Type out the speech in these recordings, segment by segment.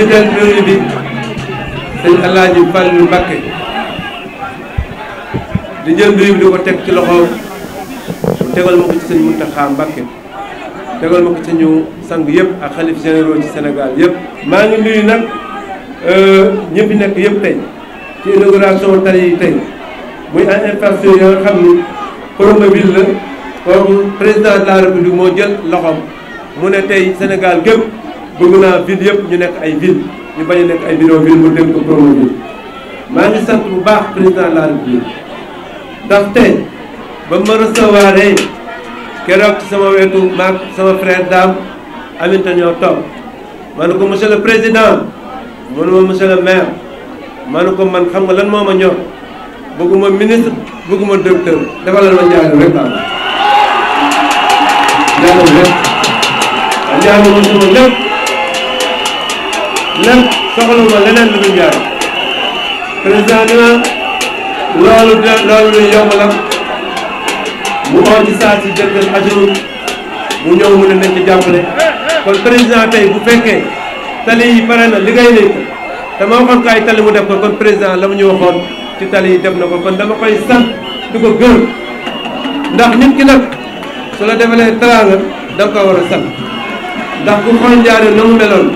jiital nuyu bi sëñ Alaaji Fallu Mbakke di jël nuyu bi di ko teg ci loxo mu tegal ma ko ci sëñ Muntaxa Mbakke tegal ma ko ci ñu yëpp ak xalif généraux ci Sénégal yëpp maa ngi nuyu nag euh, ñi fi nekk yëpp tey ci inauguration tali tey muy ay infrastructure yoo xam ni promobile la kooku président de la moo jël loxoom mu ne tey Sénégal gépp bëgg naa ville yëpp ñu nekk ay ville ñu bañ a nekk ay bureau ville bu dégg ko promouvoir maa ngi sant bu baax président de la république ndax tey ba ma recevoir keroog sama wetu maag sama frère Dame Aminta ñoo toog ma ne ko monsieur le président mu ne ma le maire ma ko man xam nga lan moo ma ñor bëgguma ministre bëgguma docteur dafa la ma jaaru rek am jaaru rek jaaru ma sama lépp lan soxluma leneen lu dul jaay président dina loolu de loolu luy yomb la mu oo ci saa si jëndal ajurul mu ñëw mu ne nañ ci jàppale kon président tey bu fekkee tali yi pare na liggéey nañ ko te ma waxoon ko ay tali mu def ko kon président la mu ñu waxoon ci tali yi dem na ko kon dama koy sant di ko gërëm ndax nit ki nag su la defalee teraanga da nga ko war a sant ndax bu xool njaare na mu meloon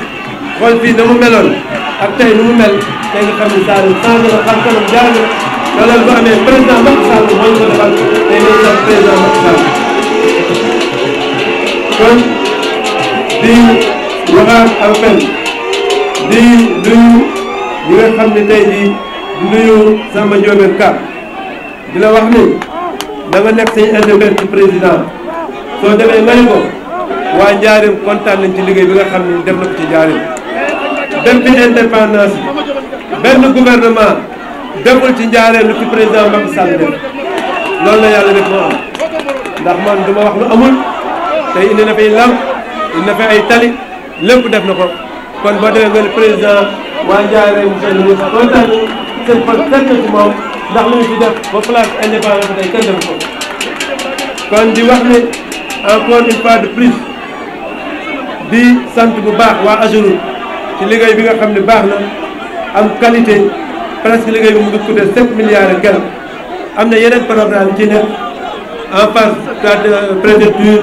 xool fii na meloon ak tey nu mu mel tey nga xam ne Saalum changé na xam kanam jaar na loolu bu président moo ñu ko président Macky Sall kon ne nekk say interprète ci président soo demee nga ne ko waa Njaareem kontaan nañ ci liggéey bi nga xam ne def na ko ci dem bi indépendance benn gouvernement deful ci njaaree lu ci président Macky Sall def loolu la yàlla def na am ndax man du ma wax lu amul tey indi na fay làmp indi na fay ay tali def na ko kon boo demee nga ne président waa njaaree monsieur le ministre kontaan seen fan fekk ci moom ndax lu ñu fi def ba place indépendance tey kenn def ko kon di wax ne encore une fois de plus di sant bu baax waa Ageroute ci liggéey bi nga xam ne baax na am qualité presque liggéey bi mu ngi coûté 7 milliards et quelques am na yeneen programme ci nekk en phase de préfecture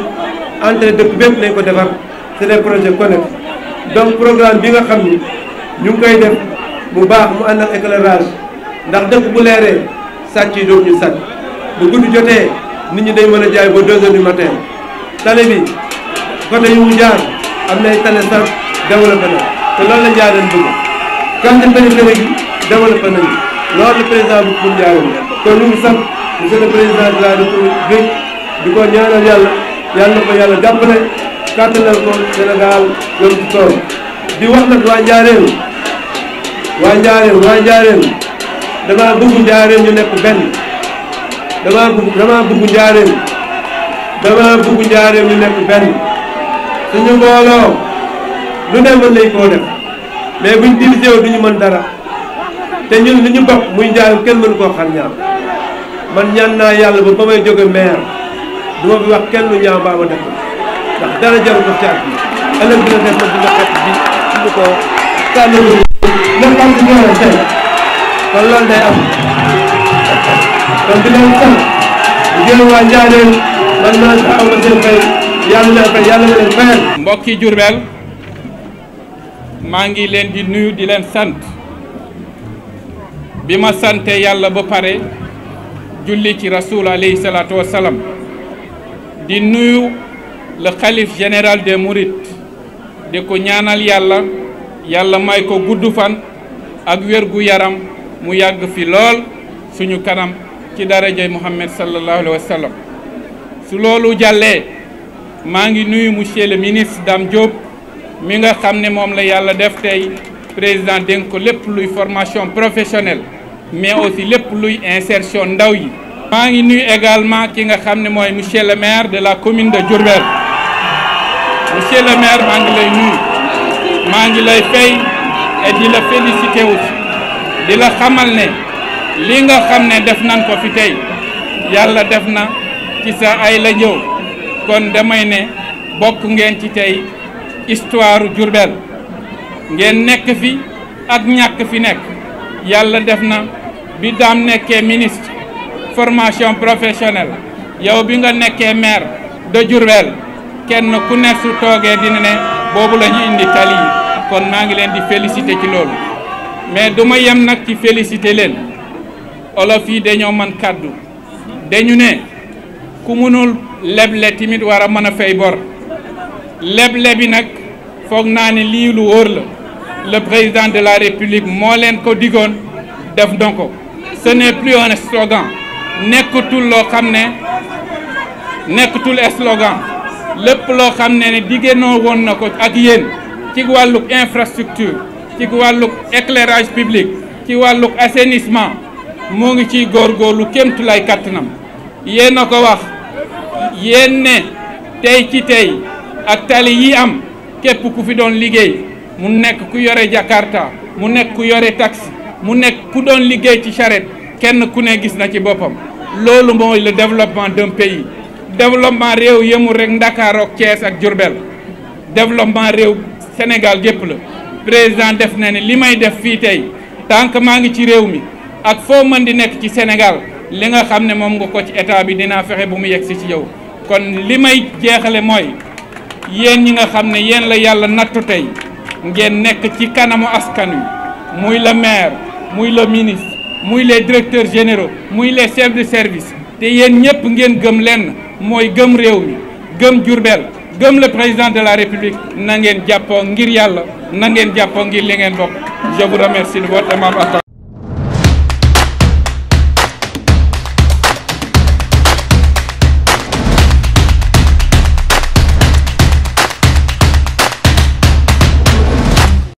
entrée dëkk bépp nañ ko defar c'est projet projets connexes donc programme bi nga xam ni ñu ngi koy def bu baax mu ànd ak éclairage ndax dëkk bu leeree sàcc yi dootuñu sàcc bu guddi jotee nit ñi day mën a jaay ba 2 heures du matin tali bi côté yu mu jaar am nay tali sax développé te loolu la Ndiarène bëgg comme ni périphérie bi développé nañu loolu la président bi pour Ndiarène ñu ngi sant monsieur le président de la République di ko ñaanal yàlla yàlla na ko yàlla jàppale kàttanal ko Sénégal loolu ci tool di wax nag waa Ndiarène waa Ndiarène waa Ndiarène damaa bëgg Ndiarène ñu nekk benn damaa bëgg damaa bëgg Ndiarène damaa bëgg ñu nekk benn suñu mbooloo. lu ne mën nañ koo def mais buñ divisé wu duñu mën dara te ñun li ñu bokk muy njaaram kenn mënu koo xar man ñaan naa yàlla ba ba may jóge maire du ma fi wax kenn lu ñaaw mbaa ma def ndax dara jaru ko caag bi ëllëg dina def ma dina xet bi suñu ko tànnalu am kon di leen man naa sa ma seen fay yàlla leen fay yàlla leen fayal mbokki Jurbel maa ngi leen di nuyu di leen sant bi ma santee yàlla ba pare julli ci rasul alayhi salaatu wasalaam di nuyu le xalif général de murit di ko ñaanal yàlla yàlla may ko gudd fan ak wér yaram mu yàgg fi lool suñu kanam ci darajay Muhammad sallallahu alayhi wa su loolu jàllee maa ngi nuyu monsieur le ministre Dame Diop mi nga xam ne moom la yàlla def tey président dénk ko lépp luy formation professionnelle mais aussi lépp luy insertion ndaw yi. maa ngi nuyu également ki nga xam ne mooy monsieur le maire de la commune de Diourbel monsieur le maire maa ngi lay nuyu maa ngi lay fay et di la féliciter di la xamal ne li nga xam ne def nañ ko fi tey yàlla def na ci sa ay la ñëw kon damay ne bokk ngeen ci tey. histoire Diourbel ngeen nekk fi ak ñàkk fi nekk yàlla def na bi daam nekkee ministre formation professionnelle yow bi nga nekkee maire de Diourbel kenn ku ne toogee dina ne boobu la ñu indi tali kon maa ngi leen di féliciter ci loolu mais du ma yem nag ci féliciter leen olof yi dañoo mën kàddu dañu ne ku mënul leble timit war a mën a fay bor leble bi nag foog naa ne lii lu wóor la le président de la république moo leen ko digoon def donc ko ce n'est plus un slogan nekkatul loo xam ne nekkatul slogan lépp loo xam ne ne diggéenoo woon na ko ak yéen ci wàlluk infrastructure ci wàlluk éclairage public ci wàlluk assainissement moo ngi ci góor góorgóorlu kémtu lay kàttanam yéen a ko wax yéen ne tey ci tey ak tali yi am képp ku fi doon liggéey mu nekk ku yore jakarta mu nekk ku yore taxi mu nekk ku doon liggéey ci charrette kenn ku ne gis na ci boppam loolu mooy le développement d'un pays développement réew yemul rek Ndakaar ak ak Diourbel développement réew Sénégal gépp la président def na ne li may def fii tey tant que maa ngi ci réew mi ak foo mën di nekk ci Sénégal li nga xam ne moom nga ko ci état bi dinaa fexe bu mu yegg si ci yow kon li may jeexale yéen ñi nga xam ne yéen la yàlla nattu tey ngeen nekk ci kanamu askan wi muy le maire muy le ministre muy les directeurs généraux muy les chefs de service te yéen ñëpp ngeen gëm lenn mooy gëm réew mi gëm Jurbel gëm le président de la République na ngeen jàppoo ngir yàlla na ngeen jàppoo ngir li ngeen bokk je vous remercie de votre aimable